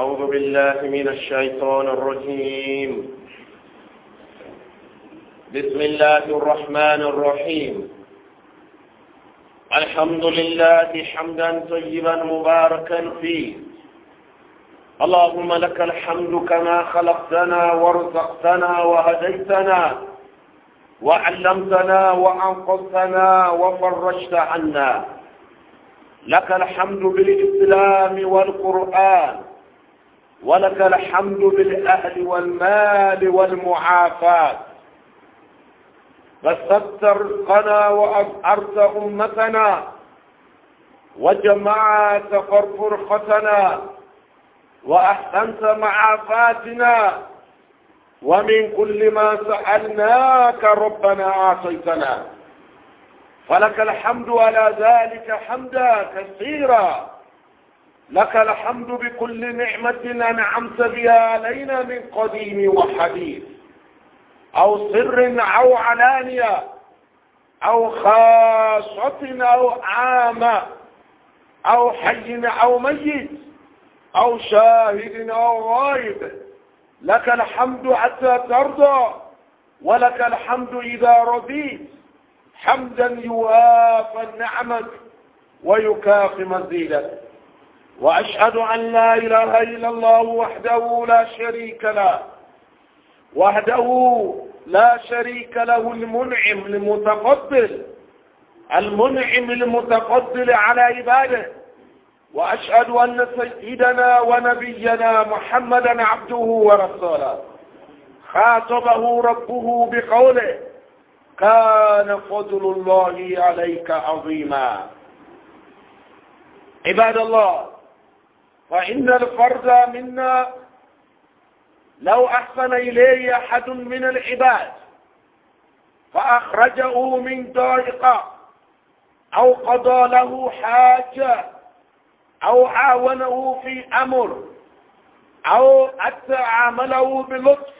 أعوذ بالله من الشيطان الرجيم بسم الله الرحمن الرحيم الحمد لله حمدا طيبا مباركا فيه اللهم لك الحمد كما خلقتنا ورزقتنا وهديتنا وعلمتنا وأنقذتنا وفرجت عنا لك الحمد بالإسلام والقرآن ولك الحمد بالأهل والمال والمعافاة بسطت رزقنا وأبعرت أمتنا وجمعت فرفرختنا وأحسنت معافاتنا ومن كل ما سألناك ربنا أعطيتنا فلك الحمد على ذلك حمدا كثيرا لك الحمد بكل نعمة أنعمت بها علينا من قديم وحديث أو سر أو علانية أو خاصة أو عامة أو حي أو ميت أو شاهد أو غائب لك الحمد حتى ترضى ولك الحمد إذا رضيت حمدا يوافى نعمك ويكافي مزيدك وأشهد أن لا إله إلا الله وحده لا شريك له وحده لا شريك له المنعم المتفضل المنعم المتفضل على عباده وأشهد أن سيدنا ونبينا محمدا عبده ورسوله خاطبه ربه بقوله كان فضل الله عليك عظيما عباد الله فإن الفرد منا لو أحسن إليه أحد من العباد فأخرجه من ضائقة أو قضى له حاجة أو عاونه في أمر أو حتى عامله بلطف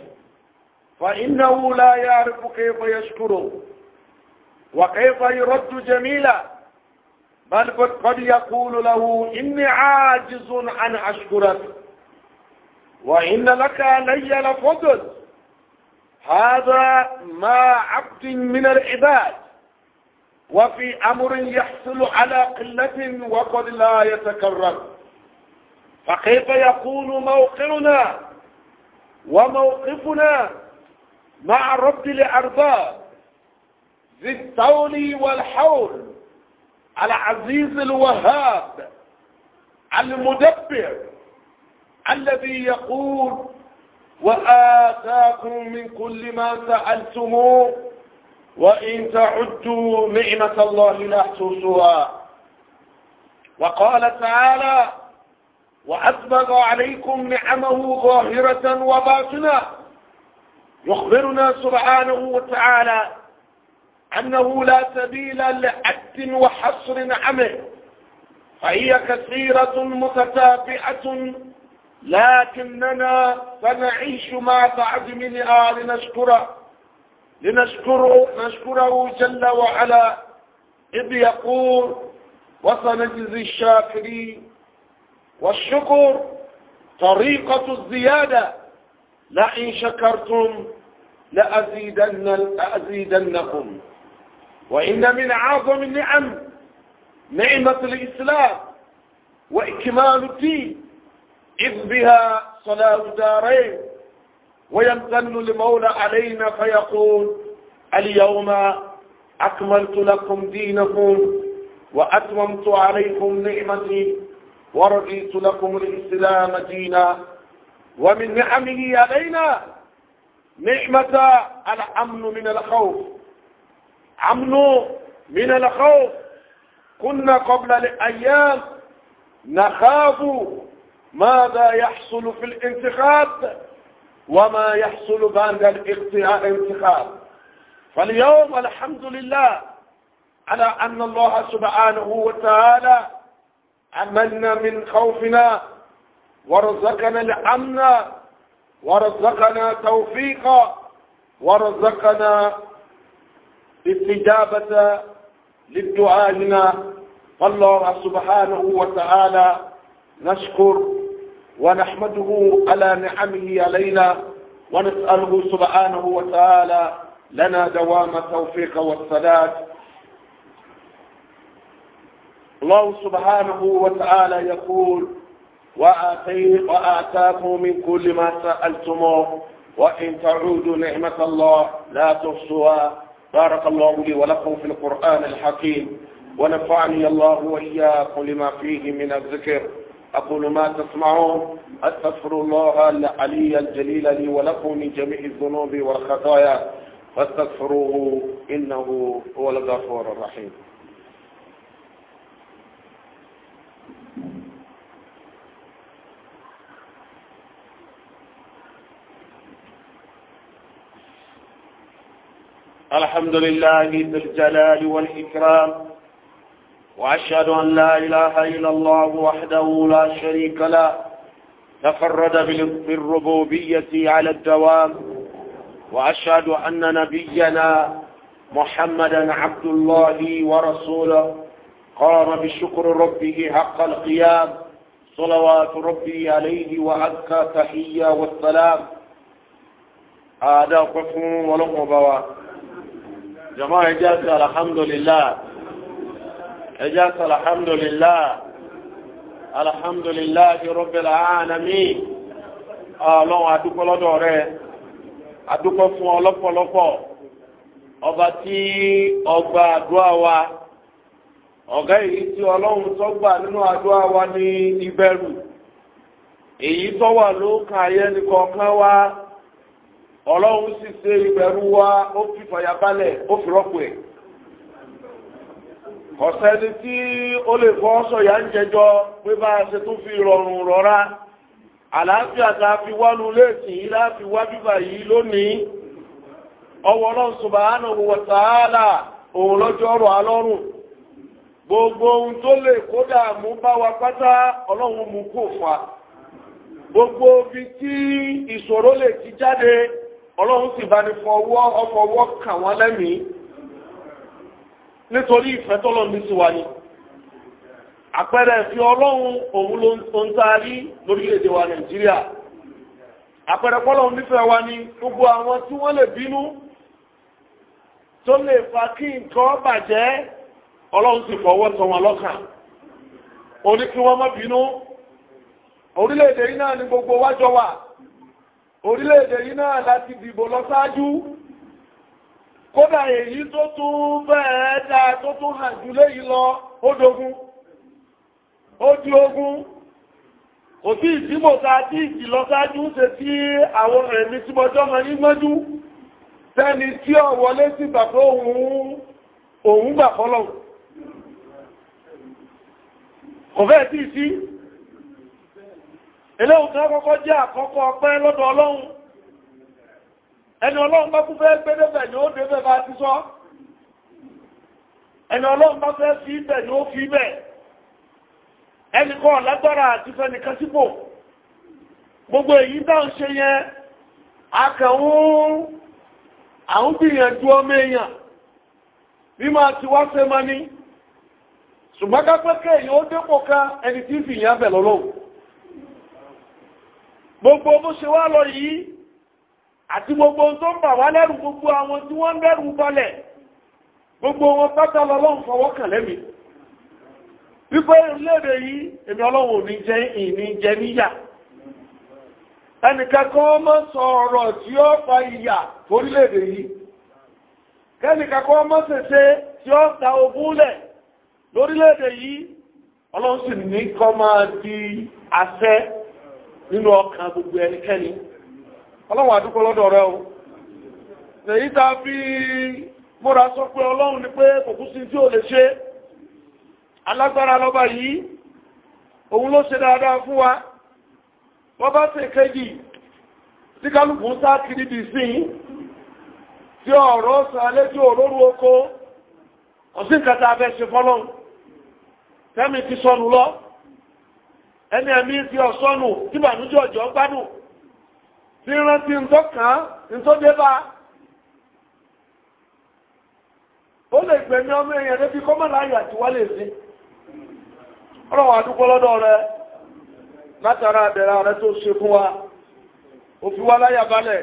فإنه لا يعرف كيف يشكره وكيف يرد جميلا بل قد يقول له إني عاجز عن أشكرك وإن لك علي لفضل هذا ما عبد من العباد وفي أمر يحصل على قلة وقد لا يتكرر فكيف يكون موقعنا وموقفنا مع رب الأرباب ذي الطول والحول العزيز الوهاب المدبر الذي يقول وآتاكم من كل ما سألتموه وإن تعدوا نعمة الله لا تحصوها وقال تعالى وأسبغ عليكم نعمه ظاهرة وباطنة يخبرنا سبحانه وتعالى أنه لا سبيل لحد وحصر عمل فهي كثيرة متتابعة لكننا سنعيش مع بعض منها لنشكره لنشكره نشكره جل وعلا إذ يقول وسنجزي الشاكرين والشكر طريقة الزيادة لئن شكرتم لأزيدن لأزيدنكم وإن من أعظم النعم نعمة الإسلام وإكمال الدين إذ بها صلاة دارين ويمتن المولى علينا فيقول اليوم أكملت لكم دينكم وأتممت عليكم نعمتي ورضيت لكم الإسلام دينا ومن نعمه علينا نعمة الأمن من الخوف أمن من الخوف كنا قبل الايام نخاف ماذا يحصل في الانتخاب وما يحصل بعد الانتخاب فاليوم الحمد لله على أن الله سبحانه وتعالى أمنا من خوفنا ورزقنا الأمن ورزقنا توفيقا ورزقنا استجابة للدعاء لنا فالله سبحانه وتعالى نشكر ونحمده على نعمه علينا ونسأله سبحانه وتعالى لنا دوام التوفيق والسداد الله سبحانه وتعالى يقول وآتاكم من كل ما سألتموه وإن تعودوا نعمة الله لا تحصوها بارك الله لي ولكم في القرآن الحكيم ونفعني الله وإياكم لما فيه من الذكر أقول ما تسمعون أستغفر الله العلي الجليل لي ولكم من جميع الذنوب والخطايا فاستغفروه إنه هو الغفور الرحيم الحمد لله ذي الجلال والإكرام وأشهد أن لا إله إلا الله وحده لا شريك له تفرد بالربوبية على الدوام وأشهد أن نبينا محمدا عبد الله ورسوله قام بشكر ربه حق القيام صلوات ربي عليه وأكى تحية والسلام هذا قفو بواه jọmọ́ ẹjá sí alhamdulillah ẹjá sí alhamdulillah alhamdulillah ti rabbil alamin ọlọ́run adúpọ̀ lọ́dọ̀ rẹ̀ adúpọ̀ fún ọ lọ́pọ̀lọpọ̀ ọba tí ọgbà àdúrà wa ọ̀gá èyí tí ọlọ́run tó gbà nínú àdúrà wa ní ìbẹ̀rù èyí tó wà lókàn ayẹ́nìkọ̀ọ̀kan wa. ọlọ́run sì ṣe ìbẹ̀rù wa ó fi fàyàbalẹ̀ ó fi rọ́pò ẹ̀ ọ̀sẹ́ni tí ó lè fọ́ sọ̀yà ń jẹjọ pé bá a ṣe tún fi rọrùn rọra àlàáfíà tá fi wánu léèsìn yìí láti wá bíbà yìí lónìí ọwọ́ ọlọ́run òun gbogbo ohun tó lè kódà mú bá wa pátá gbogbo tí ìṣòro lè ti ọlọ́run sì bá ní fọwọ́ ọfọwọ́ kà wọ́n lẹ́mìí nítorí ìfẹ́ tọ́lọ́run ní sí wa ni àpẹẹrẹ ìfi ọlọ́run òun ló ń taari lórílẹ̀‐èdè wa nàìjíríà àpẹẹrẹ pọ́lọ́run nífẹ̀ẹ́ wa ni gbogbo àwọn tí wọ́n lè bínú tó lè fa kí nǹkan bàjẹ́ ọlọ́run sì fọwọ́ tọ́ wọn lọ́kàn ó kí wọ́n má bínú orílẹ̀‐èdè yìí náà ni gbogbo wa wà orílẹ̀-èdè yìí náà láti dìbò lọ sáájú kódà èyí tó tún bẹ́ẹ̀ dáa tó tún hàn jù léyìí lọ ó dogun ó di ogun kò sí ìdímọ̀ ta tí ìjì lọ sáájú ń ṣe tí àwọn ẹ̀mí tí mọjọ́ mọ ní mọ́jú tẹ́ni tí ó wọlé sí gbàgbọ́ òun gbà eléhùn tó kọ́kọ́ jẹ́ àkọ́kọ́ ọpẹ́ lọ́dọ̀ ọlọ́run ẹni ọlọ́run bá kú fẹ́ gbé ni ó sọ ẹni ọlọ́run bá fẹ́ fi ni ó fi ibẹ̀ ẹni kọ́ lágbára àti sípò gbogbo èyí tá ń ṣe yẹn àwọn gbogbo bó ṣe wá lọ yìí àti gbogbo tó ń bà wá lẹ́rù gbogbo àwọn tí wọ́n ń bẹ̀rù bọ́lẹ̀ gbogbo wọn pátá lọ́lọ́run fọwọ́kàn lẹ́mìí wípé léèrè yìí èmi ọlọ́run ò ní jẹ ìní jẹ níyà ẹnìkẹ́kọ́ mọ́ sọ ọ̀rọ̀ tí ó fa ìyà forílẹ̀-èdè yìí kẹ́nìkẹ́kọ́ mọ́ sẹ̀sẹ̀ tí ó ta ogúnlẹ̀ lórílẹ̀-èdè yìí ọlọ́run ní kọ́ máa di àṣẹ nínú ọkà gbogbo ẹnikẹ́ni ọlọ́run àdúgbò lọ́dọ̀ rẹ o èyí tá fi múra sọ pé ọlọ́run ni pé kò sí tí ò lè ṣe alágbára lọ́ba yìí òun ló ṣe dáadáa fún wa wọ́n bá ṣe kéjì tí kálukú ń sá kiri bì sí tí ọ̀rọ̀ tí òróró oko fọ́lọ́run ti sọnù ẹni ẹ̀mí ti ọ̀sọ́nù tí bànújẹ́ ọjọ́ gbádùn tí rántí ń tó kàn án tó dé bá ó lè gbẹ̀mí ọmọ èèyàn débi kọ́mọ̀lá àyà tí wá lè sí ọ̀rọ̀ wà lọ́dọ̀ rẹ látara àbẹ̀rẹ̀ rẹ tó ṣe fún wa ó fi wá láyà balẹ̀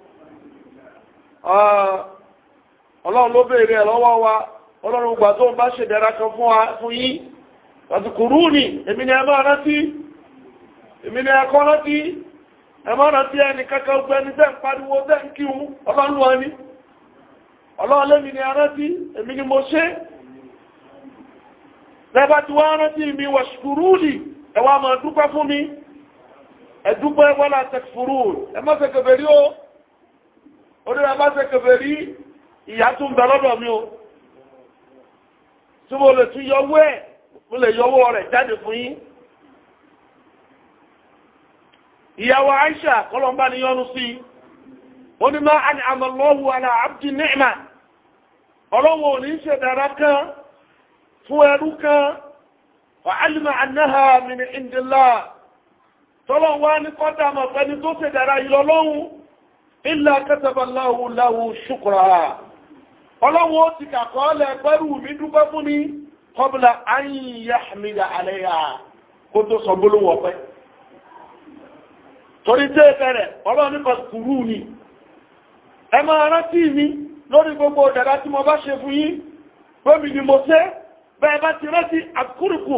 Ah, ọlọ́run ló béèrè ẹ̀ lọ́wọ́ wa ọlọ́run gbà tó ń bá ṣe dára kan fún wa fún yín ni èmi ni ẹ rántí èmi ni ẹ rántí ẹ rántí ẹni kankan gbẹ ní tẹ́ ń pariwo ń kí un ọlọ́run ni ọlọ́run lẹ́mi ni rántí èmi ni mo ṣe mi ni oníra bá ṣe kẹfẹ́ rí ìyá tó ń bẹ lọ́dọ̀ mi o tí mo lè tún yọwọ́ ẹ̀ mo lè yọwọ́ rẹ̀ jáde fún yín ìyàwó Aisha ni yọnu sí ó ní máa àni àlà abdi ọlọ́wọ́ ò ṣe dára kan fún ẹrú kan wà alima annáha min indila tọ́lọ̀ wá ní kọ́ta mọ̀ pẹ́ni tó ṣe ilẹ̀ kẹtàbàláwò láwò ṣùkùrà ọlọ́wọ́ ti kàkọọ́lẹ̀ pẹ́rù mi dúpẹ́ fún ní kọbílà àyíyá àmìlà àlẹ́yà kó tó sọ gbólówó pẹ́ torí tẹ́ ẹ̀fẹ́rẹ̀ ni ẹ máa rántí mi gbogbo dàdá tí mo bá ṣe fún yín ni mo ṣe bẹ́ẹ̀ bá ti rántí àkúrùkù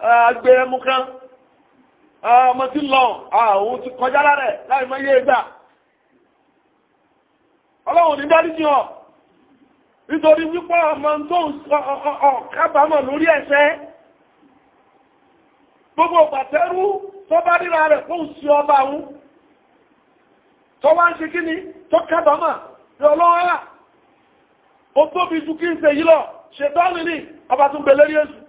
agbẹ́ mú kan ọmọ tí lọ àwọn ti kọjá lárẹ̀ láì mọ́ yé gbà ọlọ́run ní dáríjì ọ̀ nítorí wípọ́ ọmọ tó kábàámọ̀ lórí ẹ̀ṣẹ̀ gbogbo pàtẹ́rú tó bá ríra rẹ̀ fún sí ọba àwọn tó wá ń ṣe kí ni tó kábàámọ̀ rẹ̀ ọlọ́run ó tóbi ju kí ń ṣe yí lọ ṣètọ́ mi ní ọba tún gbẹ̀lẹ́rí èṣù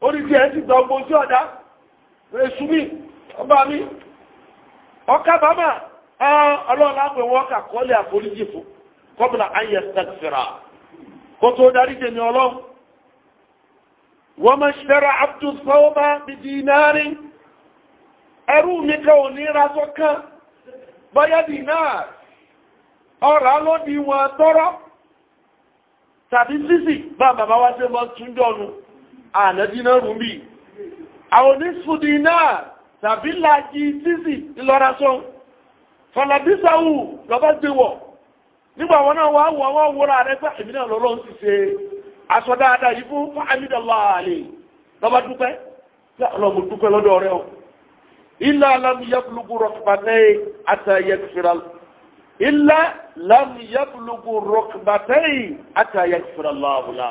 orí tí ti gbọ́ ọgbọ́ ọ̀dá èṣù mi ọba mi ọkà bàmà ọlọ́ọ̀lá wọ́n kà kọ́lé àforíjì fún kọ́bùnà ayé sẹ́kìfìrà kó tó darí jẹ̀mí ọlọ́run wọ́n kan tàbí sísì bá bàbá ànàdínà rúmbì àwọn onísùdínà tàbí láàájí tíìsì ńlọ́rasán fọlàbísàwù lọ́bá ti wọ̀ nígbà wọn náà wà wọ́n wọ́n wúra rẹ̀ pé èmi náà lọ́lọ́ ń ti ṣe aṣọ dáadáa yìí fún fáhàmídàlá àlè lọ́bá dúpẹ́ tí ọlọ́mù dúpẹ́ lọ́dọ̀ rẹ̀ o ilá lámì yẹ́bùlùkù rọ̀kùbàtẹ́ àtàyẹ̀kùfìrà ilá lámì yẹ́bùlùkù rọ̀kùbàtẹ́ àtàyẹ̀kùfìrà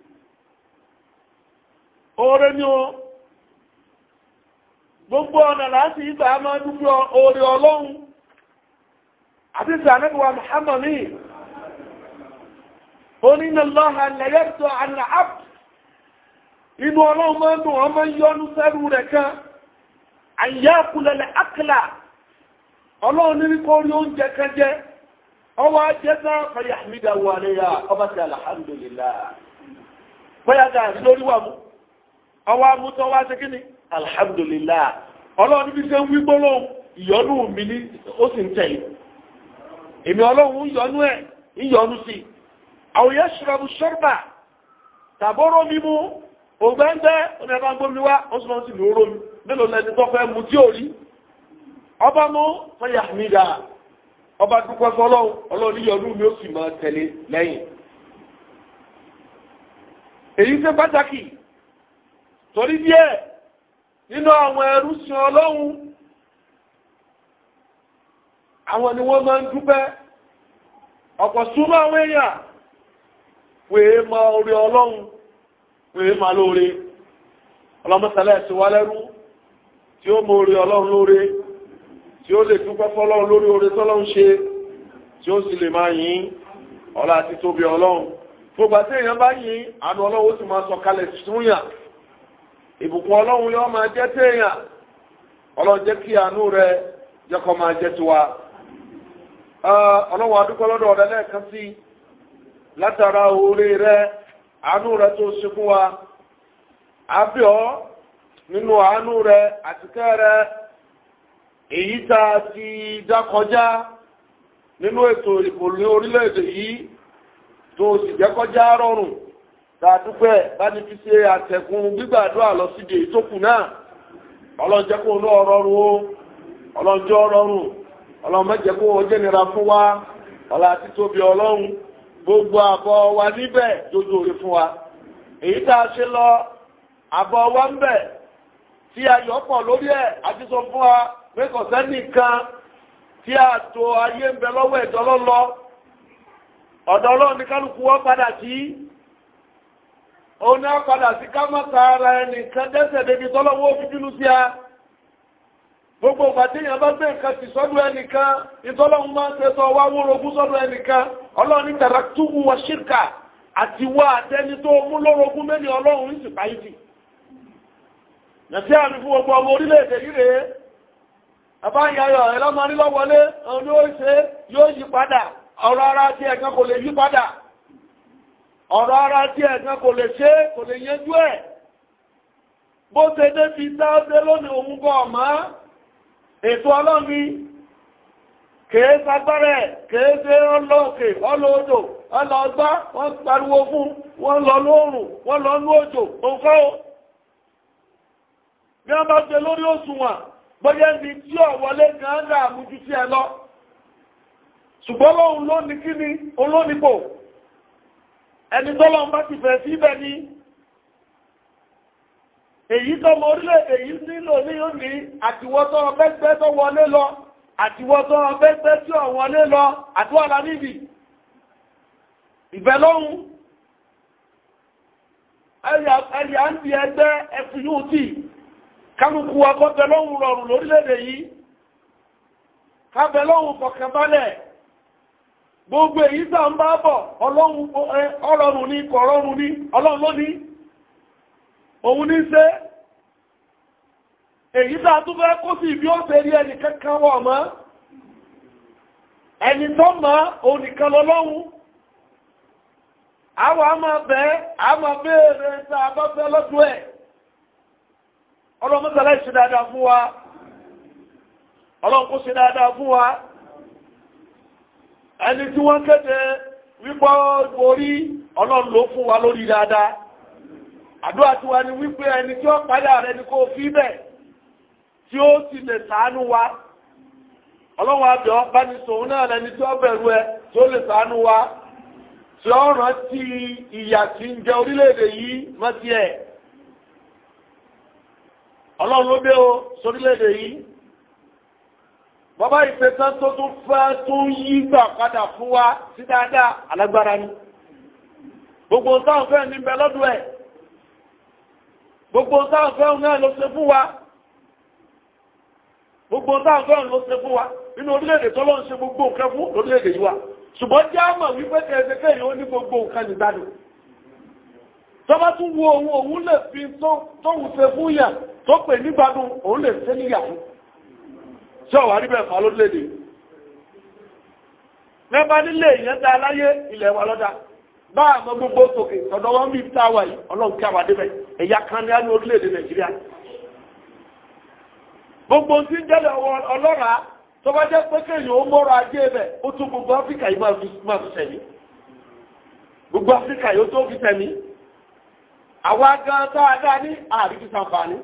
oore ni o gbogbo ọ̀nà láti ìgbà máa dúpẹ́ oore ọlọ́run àti sàánẹ́gbà muhammadu onínà lọ́ha lẹ́yẹ́tọ̀ àrà inú ọlọ́run máa dùn ọmọ yọnu sẹ́rù rẹ̀ kan àyàkùlẹ̀lẹ̀ àkìlà ọlọ́run ní kó rí oúnjẹ kan jẹ ọwọ́ ajẹ́ta fayahmidawo àlẹ́yà ọba ti alhamdulillah fayagà lórí wà mú ọwọ́ amútọ́ wá sí kíni alhamdulillah ọlọ́run bí ṣe ń wí gbólóhùn ìyọnú mi ní ó sì ń tẹ̀lé èmi ọlọ́run ìyọnú ẹ̀ ìyọnú sí àwòyẹ ṣùgbọ́n ṣọ́rbà tàbọ́rọ́ mímú ògbẹ́ńgbẹ́ omi ẹ̀bá gbómi wá ó sì máa ń sì lò ó rómi mélòó lẹni tó fẹ́ èyí ṣe pàtàkì torí díẹ̀ nínú àwọn ẹrú sí ọlọ́run àwọn ni wọ́n máa ń dúpẹ́ ọ̀pọ̀ súnmọ́ àwọn èèyàn wèé ma orí ọlọ́run wèé ma lóore ọlọ́mọ́sẹ̀lẹ̀ ti wá lẹ́rú tí ó mọ orí ọlọ́run lóore tí ó lè dúpẹ́ fọ́lọ́run lórí oore tọ́lọ́run ṣe tí ó sì lè máa yìn ọlá àti tóbi ọlọ́run gbogbo àti èèyàn bá yìn àánú ọlọ́run ó sì máa sọ kalẹ̀ túnyà ìbùkún ọlọ́run yóò máa jẹ́ téèyàn ọlọ́run jẹ́ kí àánú rẹ jẹ́ kó máa jẹ́ tiwa ọlọ́run adúgbò lọ́dọ̀ rẹ lẹ́ẹ̀kan sí látara oore rẹ àánú rẹ tó ṣe fún wa àbíọ́ nínú àánú rẹ àtikẹ́ rẹ èyí tá a ti dá kọjá nínú ètò ìbò orílẹ̀-èdè yìí tó sì jẹ́ rọrùn. tàdúpẹ́ báni fi ṣe àtẹ̀kùn gbígbàdúrà lọ síbi ìtókù náà ọlọ́njẹ́ kó lọ rọrùn o ọlọ́njẹ́ rọrùn ọlọ́mọjẹ́ kó fún wa ọlá àti ọlọ́run gbogbo àbọ̀ wa níbẹ̀ dojú orí fún wa èyí tá a ṣe lọ àbọ̀ wa ń bẹ̀ tí a yọ̀ pọ̀ lórí ẹ̀ àti sọ fún wa pé kò sẹ́nìkan tí a tó ayé ń bẹ lọ́wọ́ òun náà padà sí ká má tààrà ẹnìkan dẹ́sẹ̀ débi tọ́lọ́wọ́ sí a gbogbo ìbàdíyàn bá gbé nǹkan ti sọ́dọ̀ ẹnìkan ìtọ́lọ́run máa ń sọ wá sọ́dọ̀ ẹnìkan ọlọ́run ní tàrà wa ṣírkà àti wá àtẹni tó mú lóró mẹ́ni ọlọ́run ní sìpá nàìjíríà fún gbogbo ọmọ orílẹ̀-èdè yìí rèé àbáyayọ̀ ẹ̀lọ́mọrí òun ṣe yóò yí padà ara ti ẹ̀kan kò lè yí ọ̀rọ̀ ara tí ẹ̀kan kò lè ṣe kò lè yanjú ẹ̀ bó ṣe dé fi dáadé lónìí òun gọ́ ọ̀má ètò ọlọ́mi kèé sagbárẹ̀ kèé ṣe ọlọ́òkè ọlọ́odò ọlọ́ọgbá wọ́n pariwo fún wọ́n lọ lóòrùn wọ́n lọ ní òjò òǹkọ́ ẹni tọ́lọ bá ti fẹ́ síbẹ̀ ni èyí tó mọ orílẹ̀ èyí nílò ní òní àtiwọ́tọ́ ọbẹ́gbẹ́ tó wọlé lọ àtiwọ́tọ́ ọbẹ́gbẹ́ tí ó wọlé lọ àtúwàlá níbi ìbẹ̀lọ́hun ẹ̀yà ń bí ẹgbẹ́ fut kálukú akọ́bẹ̀lọ́hun rọrùn lórílẹ̀-èdè yìí kábẹ̀lọ́hun fọkànbalẹ̀ gbogbo èyí tà ń bá bọ̀ ọlọ́run ní kọ̀ọ̀rọ̀run ní ọlọ́run ló ní òun ní ṣe èyí tà tó fẹ́ kó sí ibi ó ṣe rí ẹni kankan wọ̀ mọ́ ẹni tó mọ́ onìkan lọ́lọ́run àwọn a máa bẹ́ a máa bá fẹ́ lọ́dún ẹ̀ ọlọ́run ṣe dáadáa fún wa ọlọ́run kó ṣe dáadáa fún wa ẹni tí wọ́n kéde wípọ́ orí ọlọ́run ló fún wa lórí dáadáa àdúrà tí wa ni wípé ẹni tí ó padà rẹ̀ ní kó fi bẹ̀ tí ó ti lè ṣàánú wa ọlọ́run àbẹ̀ ọba ní sòun náà lẹni tí ó bẹ̀rù ẹ tí ó lè ṣàánú wa tí ó rántí ìyà tí ń jẹ bàbá ìpè tán tó tún fẹ́ tó yí gbà padà fún wa sí dáadáa alágbára ni gbogbo táwọn fẹ́ níbẹ̀ lọ́dún ẹ̀ gbogbo táwọn fẹ́ náà ló ṣe fún wa gbogbo táwọn fẹ́ ló ṣe fún wa nínú orílẹ̀-èdè tó lọ́n ṣe gbogbo nǹkan fún orílẹ̀-èdè yìí wa ṣùgbọ́n jẹ́ àmọ̀ wípé kẹ̀ẹ́sẹ̀kẹ́ yìí ó ní gbogbo nǹkan nìgbàdùn tọ́bá tún wo òun òun lè fi tóhun ṣe fún yà tó pè nígbàdùn òun lè ṣe níyà tí ọ̀wà rí bẹ̀ẹ̀ fà lórílẹ̀ mẹ́bà nílé ìyẹn dá ilẹ̀ bá àmọ́ gbogbo sókè tọ̀dọ̀ wọn bí wà yìí ọlọ́run kí ẹ̀yà kan ní gbogbo ń jẹ́lẹ̀ ọlọ́ra tó bá jẹ́ pé kéèyàn ó gbogbo yìí máa gbogbo yìí ó tó fi sẹ̀mí àwa gan tá a dá ní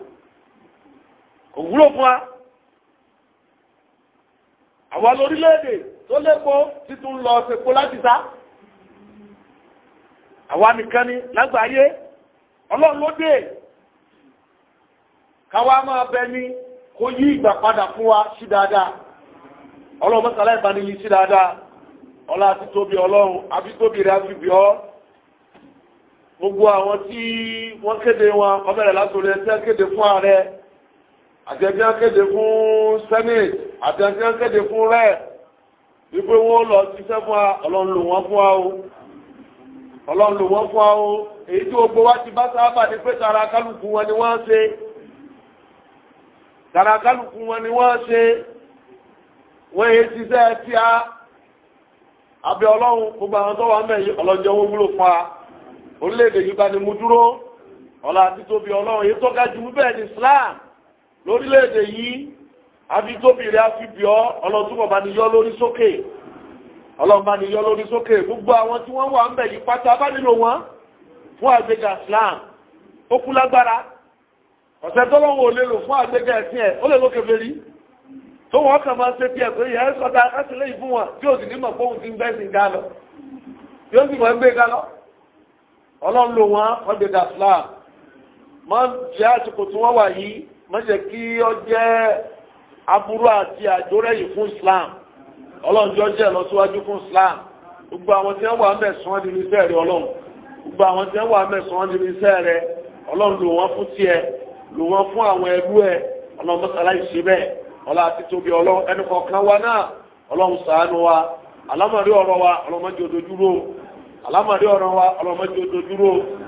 àwọn lórílẹ̀-èdè tó lépo títún lọ sepo láti sá àwa nìkan ni lágbàáyé ọlọ́run ló dé káwa máa bẹ ní kó yí ìgbà padà fún wa sí dáadáa ọlọ́run mọ́sálá ìbánirí sí dáadáa ọlá àti tóbi ọlọ́run àbí tóbi rẹ̀ àti bíọ́ gbogbo àwọn tí wọ́n kéde wọn ọmọ rẹ̀ látòrí ẹsẹ̀ kéde fún ààrẹ àtẹ̀tí akéde fún senate àtẹ̀tí akéde fún rẹ̀ wípé wọ́n lọ ṣiṣẹ́ fún wa ọlọ́run lò wọ́n fún wa o ọlọ́run lò wọ́n fún wa o èyí tí gbogbo wa ti bá sábà ní pé tara kálukú wọn ni wọ́n ṣe tara kálukú wọn ni wọ́n ṣe wọ́n yé ṣiṣẹ́ tí a abẹ́ ọlọ́run gbogbo àwọn tó wà mẹ́yìn ọlọ́jọ́ wọn wúlò fún wa orílẹ̀-èdè yìí bá ni mo dúró ọlá àti tóbi ọlọ́run èyí tó ga jù mú ní Islam lórílẹ̀-èdè yìí abitóbìnrin afibiọ́ ọlọ́túnbọ̀ bá ní yọ lórí sókè ọlọ́mọba ní yọ lórí sókè gbogbo àwọn tí wọ́n wà ń bẹ̀ ní pátá bá nílò wọn fún àgbéga Islam ó kú lágbára ọ̀sẹ̀ tọ́lọ́wọ́ ò lè lò fún àgbéga ẹ̀sìn ẹ̀ ó lè lókè fèrí tó wọ́n kàn máa ń ṣe tiẹ̀ pé ìyá ẹ̀ sọ́ta ẹ̀sìnlẹ̀ ìfún wọn tí ó sì ní mọ̀ fóun ti ń bẹ́ sí ga lọ yóò sì mọ̀ ń gbé ga lọ ọlọ́run lò wọ́n gbéga Islam máa jẹ́ àsìkò tí wọ́n wà yìí má jẹ́ kí ọ jẹ́ aburú àti àjórẹ́yìn fún Islam ọlọ́run jọ jẹ́ lọ síwájú fún Islam gbogbo àwọn tí wọ́n wà mẹ́sàn-án nínú iṣẹ́ rẹ ọlọ́run gbogbo àwọn tí wọ́n wà mẹ́sàn-án nínú iṣẹ́ rẹ ọlọ́run lò wọ́n fún tiẹ̀ lò wọ́n fún àwọn ẹrú ẹ ọlọ́run mọ́sálá ìṣe bẹ́ẹ̀ ọlá àti tóbi ọlọ́run ẹnì